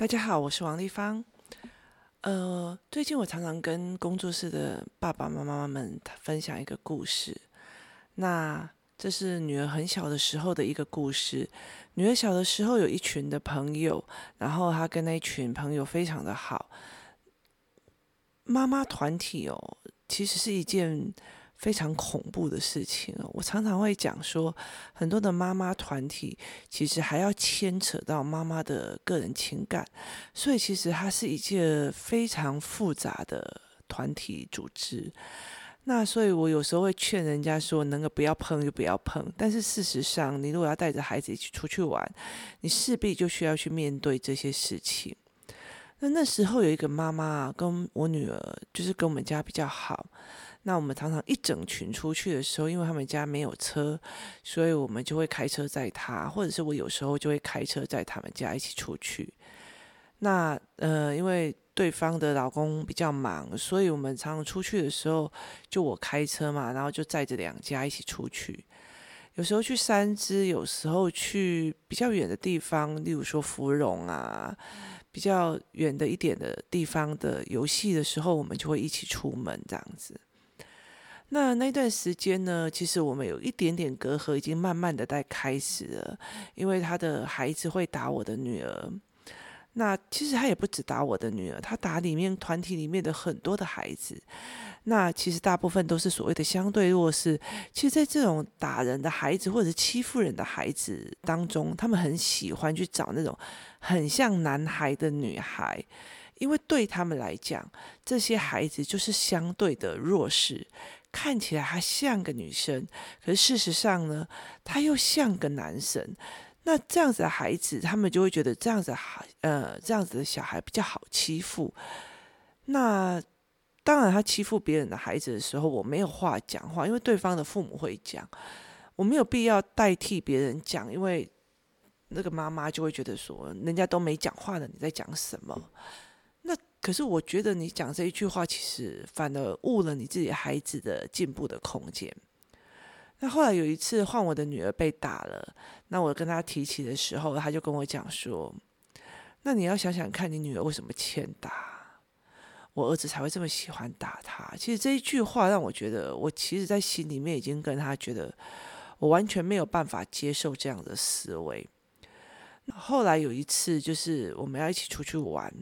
大家好，我是王麗芳。呃，最近我常常跟工作室的爸爸媽媽們分享一個故事。那這是女兒很小的時候的一個故事。女兒小的時候有一群的朋友，然後她跟那一群朋友非常的好。媽媽團體哦，其實是一件。非常恐怖的事情啊！我常常會講說，很多的媽媽團體其實還要牽扯到媽媽的個人情感，所以其實它是一件非常複雜的團體組織。那所以我有時候會勸人家說，能夠不要碰就不要碰。但是事實上，你如果要帶着孩子一起出去玩，你勢必就需要去面對這些事情。那那時候有一個媽媽跟我女兒，就是跟我們家比較好。那我們常常一整群出去的時候，因為他們家沒有車，所以我們就會開車載他，或者是我有時候就會開車載他們家一起出去。那呃，因為對方的老公比較忙，所以我們常常出去的時候，就我開車嘛，然後就載着兩家一起出去。有時候去三芝，有時候去比較遠的地方，例如說芙蓉啊，比較遠的一點的地方的遊戲的時候，我們就會一起出門，這樣子。那那段時間呢，其實我們有一點點隔閡，已經慢慢的在開始了。因為他的孩子會打我的女兒，那其實他也不止打我的女兒，他打裡面團體裡面的很多的孩子。那其實大部分都是所謂的相對弱勢。其實，在這種打人的孩子或者欺負人的孩子當中，他們很喜歡去找那種很像男孩的女孩，因為對他們來講，這些孩子就是相對的弱勢。看起來他像個女生，可是事實上呢，他又像個男生。那這樣子的孩子，他們就會覺得這樣子孩呃，這樣子的小孩比較好欺負。那當然，他欺負別人的孩子的時候，我沒有話講話，因為對方的父母會講，我沒有必要代替別人講，因為那個媽媽就會覺得說，人家都沒講話了，你在講什麼？可是我覺得你講這一句話，其實反而誤了你自己孩子的進步的空間。那後來有一次，換我的女兒被打了，那我跟她提起的時候，她就跟我講說：“那你要想想看你女兒為什麼欠打，我兒子才會這麼喜歡打他。”其實這一句話讓我覺得，我其實在心裡面已經跟她覺得，我完全沒有辦法接受這樣的思維。那後來有一次，就是我們要一起出去玩。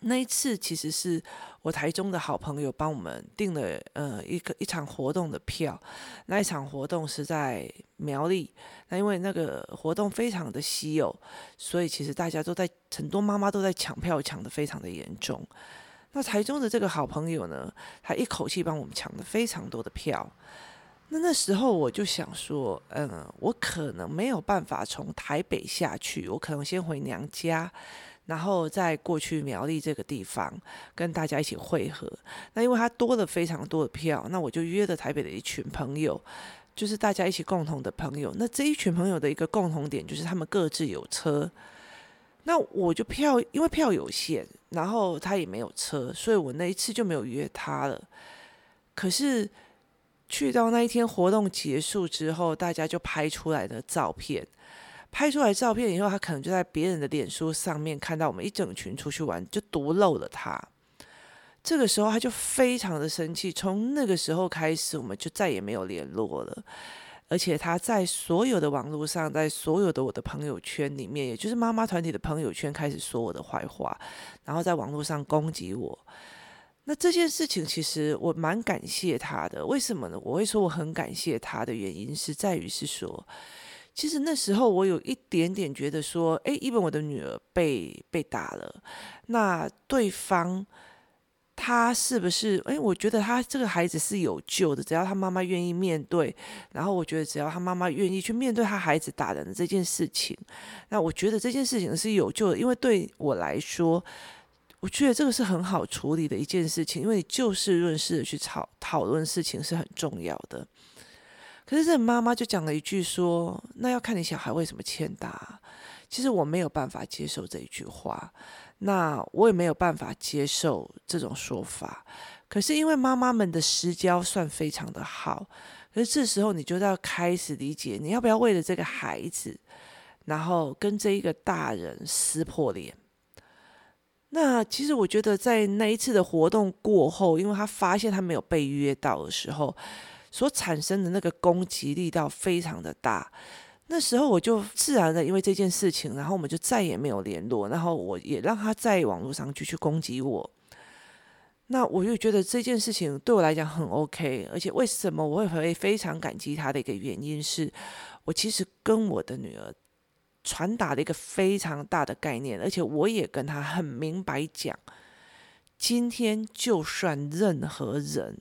那一次，其實是我台中的好朋友幫我們訂了呃、一個一場活動的票。那一場活動是在苗栗，那因為那個活動非常的稀有，所以其實大家都在，很多媽媽都在搶票，搶得非常的嚴重。那台中的這個好朋友呢，他一口氣幫我們搶了非常多的票。那那時候我就想說，嗯、呃，我可能沒有辦法從台北下去，我可能先回娘家。然後再過去苗栗這個地方跟大家一起會合。那因為他多了非常多的票，那我就約了台北的一群朋友，就是大家一起共同的朋友。那這一群朋友的一個共同點就是他們各自有車。那我就票，因為票有限，然後他也沒有車，所以我那一次就沒有約他了。可是去到那一天活動結束之後，大家就拍出來的照片，拍出來照片以後，他可能就在別人的臉書上面看到我們一整群出去玩，就獨漏了他。這個時候，他就非常的生氣。從那個時候開始，我們就再也沒有聯絡了。而且他在所有的網絡上，在所有的我的朋友圈裡面，也就是媽媽團體的朋友圈，開始說我的壞話，然後在網絡上攻擊我。那這件事情，其實我蠻感謝他的。為什麼呢？我會說我很感謝他的原因是在於是說。其實那時候我有一點點覺得說，哎，Even 我的女兒被被打了，那對方他是不是？哎，我覺得他這個孩子是有救的，只要他媽媽願意面對，然後我覺得只要他媽媽願意去面對他孩子打人的這件事情，那我覺得這件事情是有救的，因為對我來說，我覺得這個是很好處理的一件事情，因為就事論事的去討討論事情是很重要的。可是這媽媽就講了一句說：“那要看你小孩為什麼欠打啊。”其實我沒有辦法接受這一句話，那我也沒有辦法接受這種說法。可是因為媽媽們的私交算非常的好，可是這時候你就要開始理解，你要不要為了這個孩子，然後跟這一個大人撕破臉？那其實我覺得在那一次的活動過後，因為他發現他沒有被約到的時候。所產生的那個攻擊力道非常的大，那時候我就自然的因為這件事情，然後我們就再也沒有聯絡，然後我也讓他在網絡上繼續攻擊我。那我就覺得這件事情對我來講很 OK，而且為什麼我會非常感激他的一個原因是，是我其實跟我的女兒傳達了一個非常大的概念，而且我也跟他很明白講，今天就算任何人。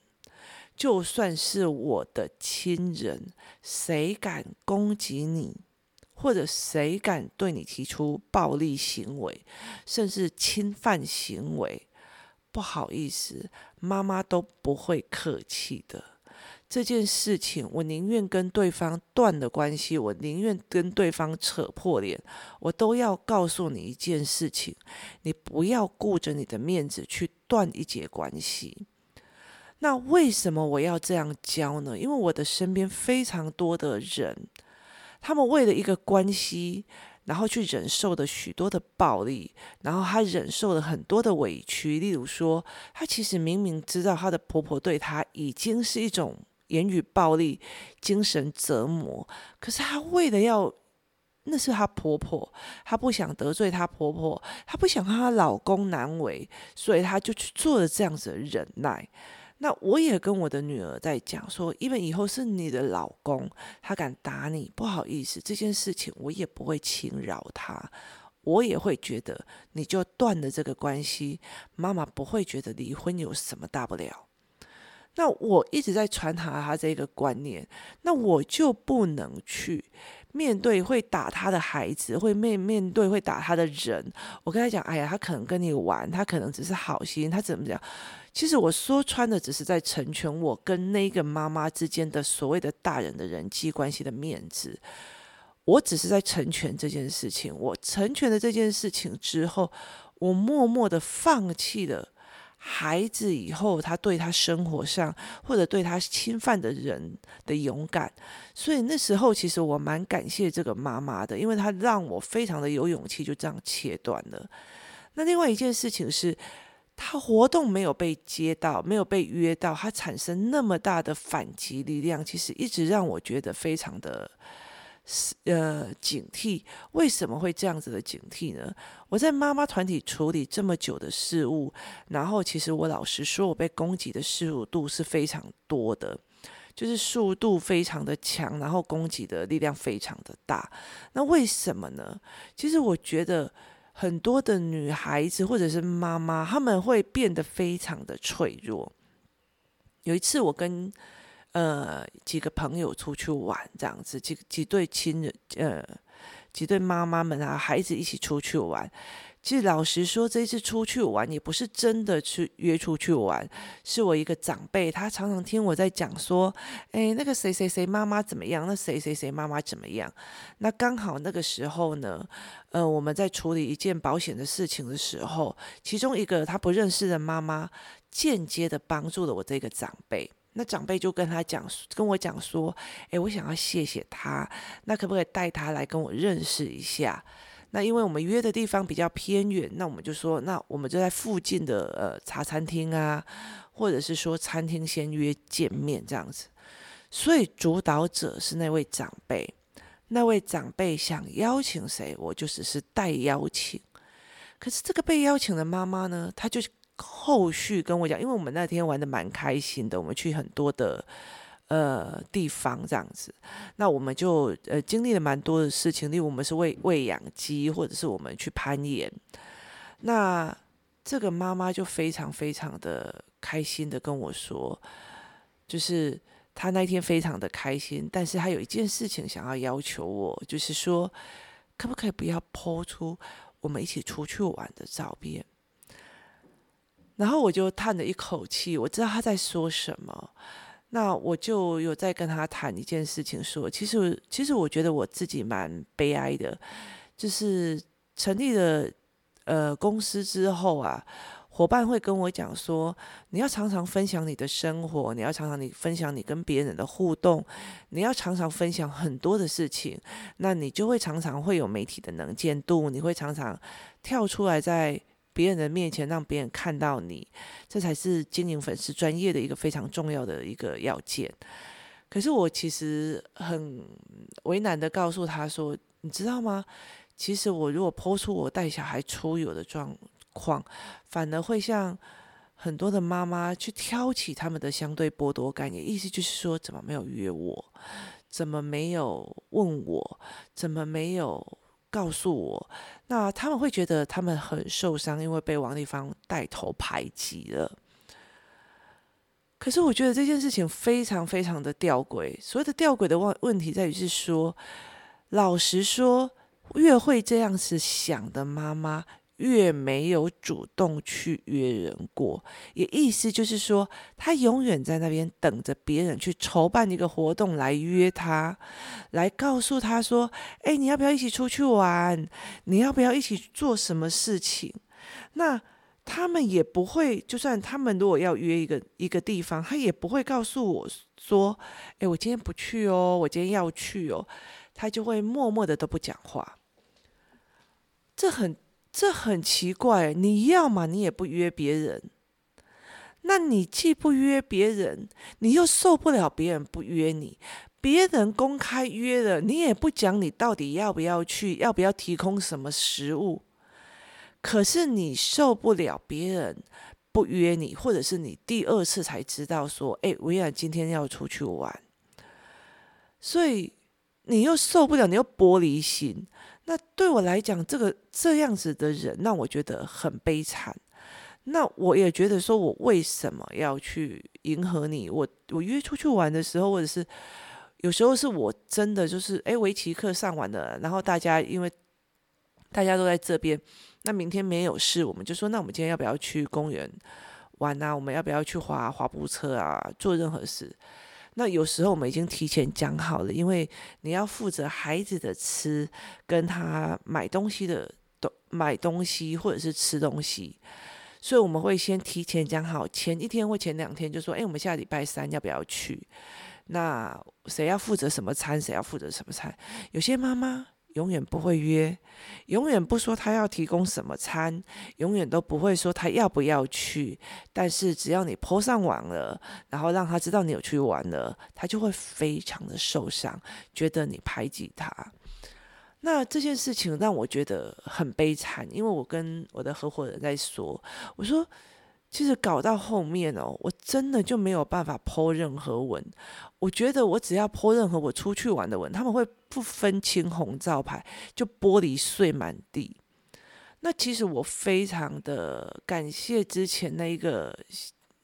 就算是我的親人，誰敢攻擊你，或者誰敢對你提出暴力行為，甚至侵犯行為，不好意思，媽媽都不會客氣的。這件事情，我寧願跟對方斷了關係，我寧願跟對方扯破臉，我都要告訴你一件事情，你不要顧着你的面子去斷一段關係。那為什麼我要這樣教呢？因為我的身邊非常多的人，他們為了一個關係，然後去忍受了許多的暴力，然後他忍受了很多的委屈。例如說，他其實明明知道他的婆婆對他已經是一種言語暴力、精神折磨，可是他為了要那是他婆婆，他不想得罪他婆婆，他不想讓他老公難為，所以他就去做了這樣子的忍耐。那我也跟我的女兒在講說，因為以後是你的老公，他敢打你，不好意思，這件事情我也不會輕饒他，我也會覺得你就斷了這個關係，媽媽不會覺得離婚有什麼大不了。那我一直在傳達他這個觀念，那我就不能去。面對會打他的孩子，會面面對會打他的人，我跟他講，哎呀，他可能跟你玩，他可能只是好心，他怎麼講？其實我說穿的只是在成全我跟那個媽媽之間的所謂的大人的人際關係的面子。我只是在成全這件事情，我成全了這件事情之後，我默默的放棄了。孩子以後，他對他生活上或者對他侵犯的人的勇敢，所以那時候其實我蠻感謝這個媽媽的，因為她讓我非常的有勇氣，就這樣切斷了。那另外一件事情是，他活動沒有被接到，沒有被約到，他產生那麼大的反擊力量，其實一直讓我覺得非常的。呃，警惕，為什麼會這樣子的警惕呢？我在媽媽團體處理這麼久的事物，然後其實我老實說，我被攻擊的速度是非常多的，就是速度非常的強，然後攻擊的力量非常的大。那為什麼呢？其實我覺得很多的女孩子或者是媽媽，她們會變得非常的脆弱。有一次我跟。呃，幾個朋友出去玩這樣子，幾幾對親人，呃，幾對媽媽們啊，孩子一起出去玩。其實老實說，這次出去玩也不是真的去約出去玩，是我一個長輩，他常常聽我在講說，哎，那個誰誰誰媽媽怎麼樣，那誰誰誰媽媽怎麼樣。那剛好那個時候呢，呃，我們在處理一件保險的事情的時候，其中一個他不認識的媽媽，間接的幫助了我這個長輩。那長輩就跟他講，跟我講說，誒、欸，我想要謝謝他，那可不可以帶他來跟我認識一下？那因為我們約的地方比較偏遠，那我們就說，那我們就在附近的呃茶餐廳啊，或者是說餐廳先約見面這樣子。所以主導者是那位長輩，那位長輩想邀請誰，我就只是帶邀請。可是這個被邀請的媽媽呢，她就。後續跟我講，因為我們那天玩的蠻開心的，我們去很多的呃地方這樣子，那我們就呃經歷了蠻多的事情，例如我們是餵餵養雞，或者是我們去攀岩。那這個媽媽就非常非常的開心的跟我說，就是她那天非常的開心，但是她有一件事情想要要求我，就是說可不可以不要 PO 出我們一起出去玩的照片。然後我就嘆了一口氣，我知道他在說什麼。那我就有在跟他談一件事情說，說其實其實我覺得我自己蠻悲哀的，就是成立了呃公司之後啊，夥伴會跟我講說，你要常常分享你的生活，你要常常你分享你跟別人的互動，你要常常分享很多的事情，那你就會常常會有媒體的能見度，你會常常跳出來在。別人的面前讓別人看到你，這才是經營粉絲專業的一個非常重要的一個要件。可是我其實很為難的告訴他說，你知道嗎？其實我如果拋出我帶小孩出遊的狀況，反而會像很多的媽媽去挑起他們的相對剝奪感。也意思就是說，怎麼沒有約我？怎麼沒有問我？怎麼沒有？告訴我，那他們會覺得他們很受傷，因為被王立芳帶頭排擠了。可是我覺得這件事情非常非常的吊詭。所謂的吊詭的問問題在於是說，老實說，越會這樣子想的媽媽。越沒有主動去約人過，也意思就是說，他永遠在那邊等着別人去籌辦一個活動來約他，來告訴他說：“哎，你要不要一起出去玩？你要不要一起做什麼事情？”那他們也不會，就算他們如果要約一個一個地方，他也不會告訴我說：“哎，我今天不去哦，我今天要去哦。”他就會默默的都不講話。這很。這很奇怪，你要嘛你也不約別人，那你既不約別人，你又受不了別人不約你，別人公開約了你也不講你到底要不要去，要不要提供什麼食物，可是你受不了別人不約你，或者是你第二次才知道說，哎，薇婭今天要出去玩，所以你又受不了，你又玻璃心。那對我來講，這個這樣子的人，那我覺得很悲慘。那我也覺得說，我為什麼要去迎合你？我我約出去玩的時候，或者是有時候是我真的就是，哎、欸，圍棋課上完了，然後大家因為大家都在這邊，那明天沒有事，我們就說，那我們今天要不要去公園玩啊？我們要不要去滑滑步車啊？做任何事。那有時候我們已經提前講好了，因為你要負責孩子的吃，跟他買東西的東買東西或者是吃東西，所以我們會先提前講好，前一天或前兩天就說，哎、欸，我們下禮拜三要不要去？那誰要負責什麼餐，誰要負責什麼餐？有些媽媽。永遠不會約，永遠不說他要提供什麼餐，永遠都不會說他要不要去。但是只要你 po 上網了，然後讓他知道你有去玩了，他就會非常的受傷，覺得你排擠他。那這件事情讓我覺得很悲慘，因為我跟我的合夥人在說，我說。其實搞到後面哦，我真的就沒有辦法 po 任何文。我覺得我只要 po 任何我出去玩的文，他們會不分青紅皂白，就玻璃碎滿地。那其實我非常的感謝之前那一個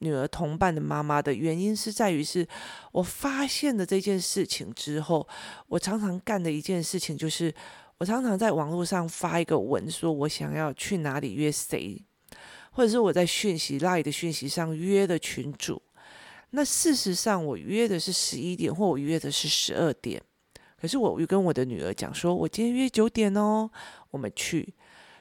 女兒同伴的媽媽的原因，是在於是我發現了這件事情之後，我常常幹的一件事情就是，我常常在網絡上發一個文，說我想要去哪裡約誰。或者是我在訊息、LINE 的訊息上約的群組，那事實上我約的是十一點，或我約的是十二點，可是我又跟我的女兒講說，我今天約九點哦，我們去。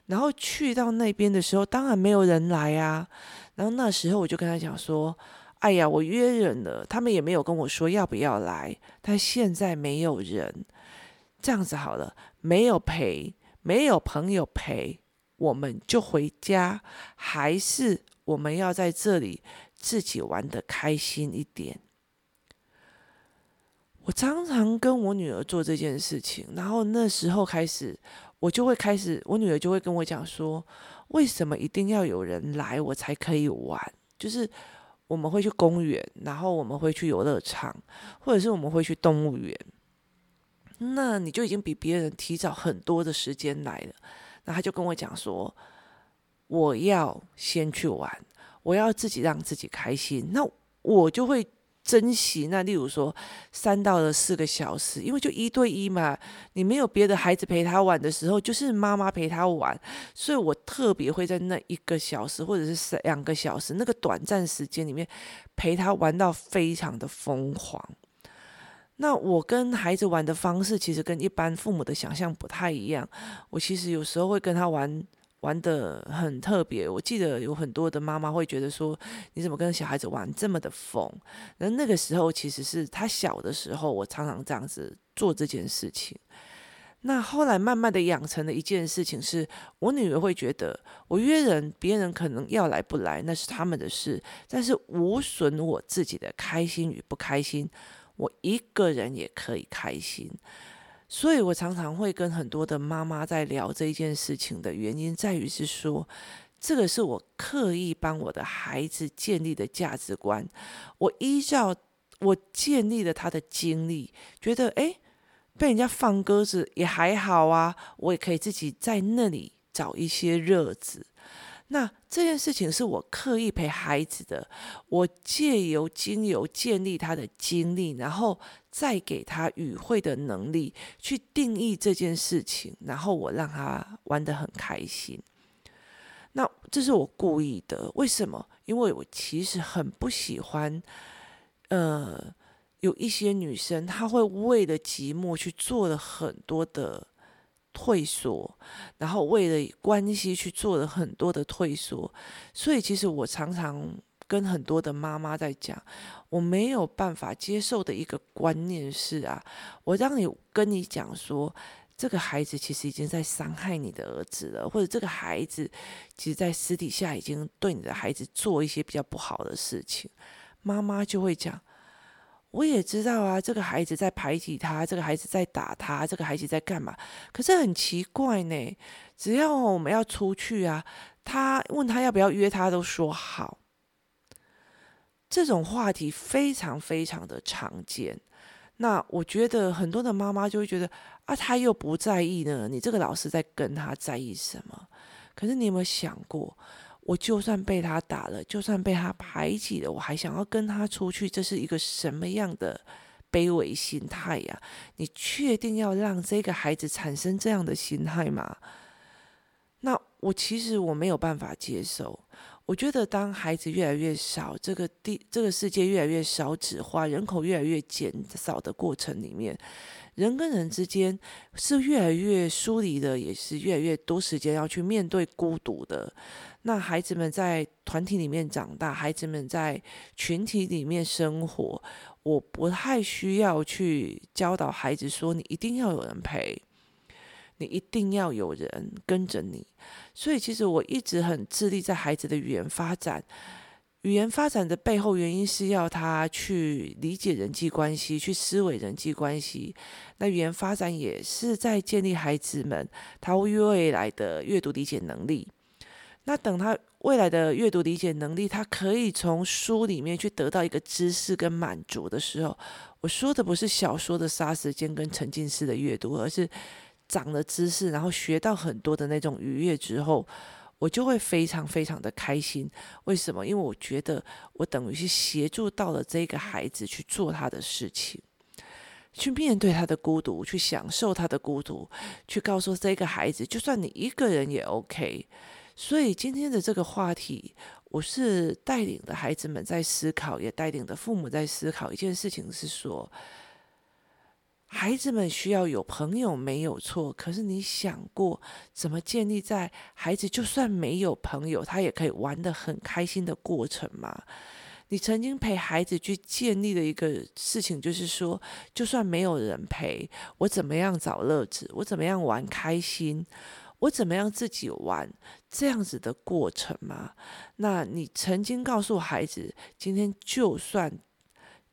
然後去到那邊的時候，當然沒有人來啊。然後那時候我就跟她講說，哎呀，我約人了，他們也沒有跟我說要不要來，但現在沒有人，這樣子好了，沒有陪，沒有朋友陪。我們就回家，還是我們要在這裡自己玩得開心一點？我常常跟我女兒做這件事情，然後那時候開始，我就會開始，我女兒就會跟我講說，為什麼一定要有人來我才可以玩？就是我們會去公園，然後我們會去遊樂場，或者是我們會去動物園。那你就已經比別人提早很多的時間來了。那他就跟我講說：“我要先去玩，我要自己讓自己開心。那我就會珍惜。那例如說三到了四個小時，因為就一對一嘛，你沒有別的孩子陪他玩的時候，就是媽媽陪他玩。所以我特別會在那一個小時或者是兩個小時那個短暫時間裡面，陪他玩到非常的瘋狂。”那我跟孩子玩的方式，其實跟一般父母的想象不太一樣。我其實有時候會跟他玩，玩得很特別。我記得有很多的媽媽會覺得說：“你怎麼跟小孩子玩這麼的瘋？”那那個時候其實是他小的時候，我常常這樣子做這件事情。那後來慢慢的養成了一件事情是，我女兒會覺得，我約人，別人可能要來不來，那是他們的事，但是無損我自己的開心與不開心。我一個人也可以開心，所以我常常會跟很多的媽媽在聊這件事情的原因在於是說，這個是我刻意幫我的孩子建立的價值觀。我依照我建立了他的經歷，覺得哎，被人家放鴿子也還好啊，我也可以自己在那裡找一些樂子。那這件事情是我刻意陪孩子的，我借由精油建立他的經歷，然後再給他語彙的能力，去定義這件事情，然後我讓他玩得很開心。那這是我故意的，為什麼？因為我其實很不喜歡，呃，有一些女生，她會為了寂寞去做了很多的。退縮，然後為了關係去做了很多的退縮，所以其實我常常跟很多的媽媽在講，我沒有辦法接受的一個觀念是啊，我讓你跟你講說，這個孩子其實已經在傷害你的兒子了，或者這個孩子，其實在私底下已經對你的孩子做一些比較不好的事情，媽媽就會講。我也知道啊，這個孩子在排擠他，這個孩子在打他，這個孩子在幹嘛？可是很奇怪呢，只要我們要出去啊，他問他要不要約他都說好。這種話題非常非常的常見。那我覺得很多的媽媽就會覺得啊，他又不在意呢，你這個老師在跟他在意什麼？可是你有沒有想過？我就算被他打了，就算被他排擠了，我還想要跟他出去，這是一個什麼樣的卑微心態呀？啊？你確定要讓這個孩子產生這樣的心態嗎？那我其實我沒有辦法接受。我覺得，當孩子越來越少，這個地這個世界越來越少子化，人口越來越減少的過程裡面，人跟人之間是越來越疏離的，也是越來越多時間要去面對孤獨的。那孩子們在團體裡面長大，孩子們在群體裡面生活，我不太需要去教導孩子說，你一定要有人陪，你一定要有人跟着你。所以，其實我一直很致力在孩子的語言發展。語言發展的背後原因是要他去理解人際關係，去思維人際關係。那語言發展也是在建立孩子們他會未來的閱讀理解能力。那等他未來的閱讀理解能力，他可以從書裡面去得到一個知識跟滿足的時候，我說的不是小說的殺時間跟沉浸式的閱讀，而是長了知識，然後學到很多的那種愉悅之後，我就會非常非常的開心。為什麼？因為我覺得我等於是協助到了這個孩子去做他的事情，去面對他的孤獨，去享受他的孤獨，去告訴這個孩子，就算你一個人也 OK。所以今天的這個話題，我是帶領着孩子們在思考，也帶領着父母在思考一件事情，是說，孩子們需要有朋友沒有錯。可是你想過，怎麼建立在孩子就算沒有朋友，他也可以玩得很開心的過程嗎？你曾經陪孩子去建立的一個事情，就是說，就算沒有人陪，我怎麼樣找樂子，我怎麼樣玩開心？我怎麼樣自己玩這樣子的過程嗎？那你曾經告訴孩子，今天就算，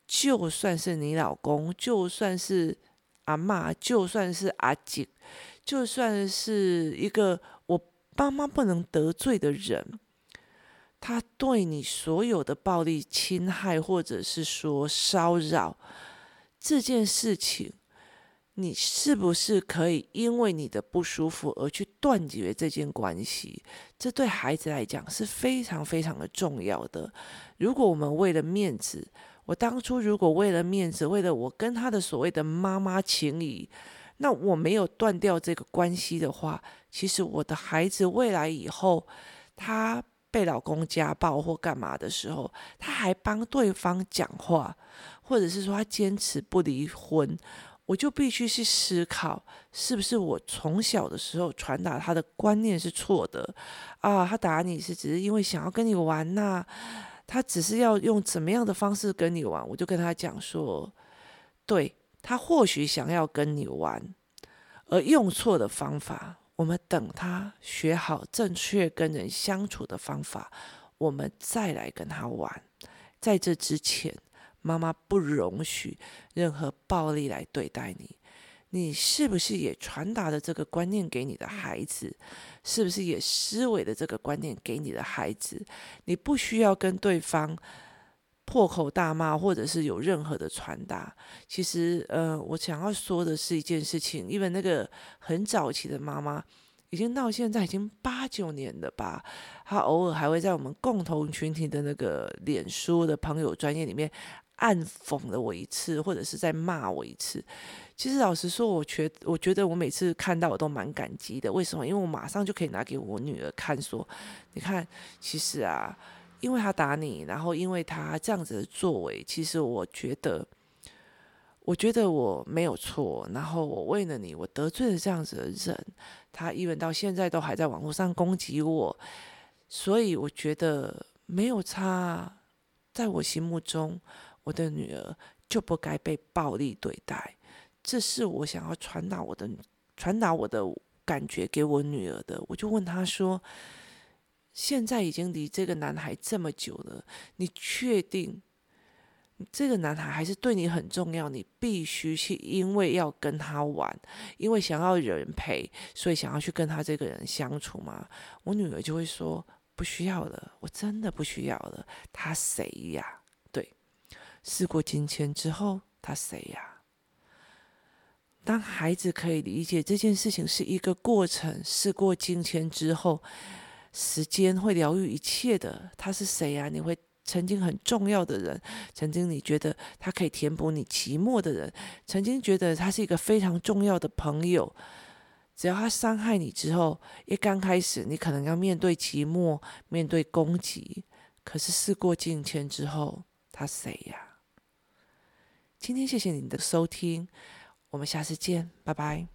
就算是你老公，就算是阿嬤，就算是阿姐，就算是一個我爸媽不能得罪的人，他對你所有的暴力侵害，或者是說騷擾這件事情，你是不是可以因為你的不舒服而去斷絕這件關係？這對孩子來講是非常非常的重要的。的如果我們為了面子，我當初如果為了面子，為了我跟他的所謂的媽媽情誼，那我沒有斷掉這個關係的話，其實我的孩子未來以後，他被老公家暴或幹嘛的時候，他還幫對方講話，或者是說他堅持不離婚。我就必須去思考，是不是我從小的時候傳達他的觀念是錯的？啊，他打你是只是因為想要跟你玩吶、啊？他只是要用怎麼樣的方式跟你玩？我就跟他講說，對，他或許想要跟你玩，而用錯的方法。我們等他學好正確跟人相處的方法，我們再來跟他玩。在這之前，媽媽不容許任何暴力來對待你，你是不是也傳達了這個觀念給你的孩子？是不是也思維的這個觀念給你的孩子？你不需要跟對方破口大罵，或者是有任何的傳達。其實，呃，我想要說的是一件事情，因為那個很早期的媽媽，已經到現在已經八九年了吧，她偶爾還會在我們共同群體的那個臉書的朋友專頁裡面。暗諷了我一次，或者是在罵我一次。其實老實說，我覺我覺得我每次看到我都蠻感激的。為什麼？因為我馬上就可以拿給我女兒看，說：“你看，其實啊，因為他打你，然後因為他這樣子的作為，其實我覺得，我覺得我沒有錯。然後我為了你，我得罪了這樣子的人，他依然到現在都還在網絡上攻擊我。所以我覺得沒有差，在我心目中。”我的女兒就不該被暴力對待，這是我想要傳達我的傳達我的感覺給我女兒的。我就問她說：“現在已經離這個男孩這麼久了，你確定這個男孩還是對你很重要？你必須去，因為要跟他玩，因為想要有人陪，所以想要去跟他這個人相處嗎？”我女兒就會說：“不需要了，我真的不需要了。他誰呀？”事過境遷之後，他誰呀？當孩子可以理解這件事情是一個過程，事過境遷之後，時間會療癒一切的。他是誰呀？你會曾經很重要的人，曾經你覺得他可以填補你寂寞的人，曾經覺得他是一個非常重要的朋友。只要他傷害你之後，一剛開始你可能要面對寂寞，面對攻擊。可是事過境遷之後，他誰呀？今天謝謝你的收聽，我們下次見，拜拜。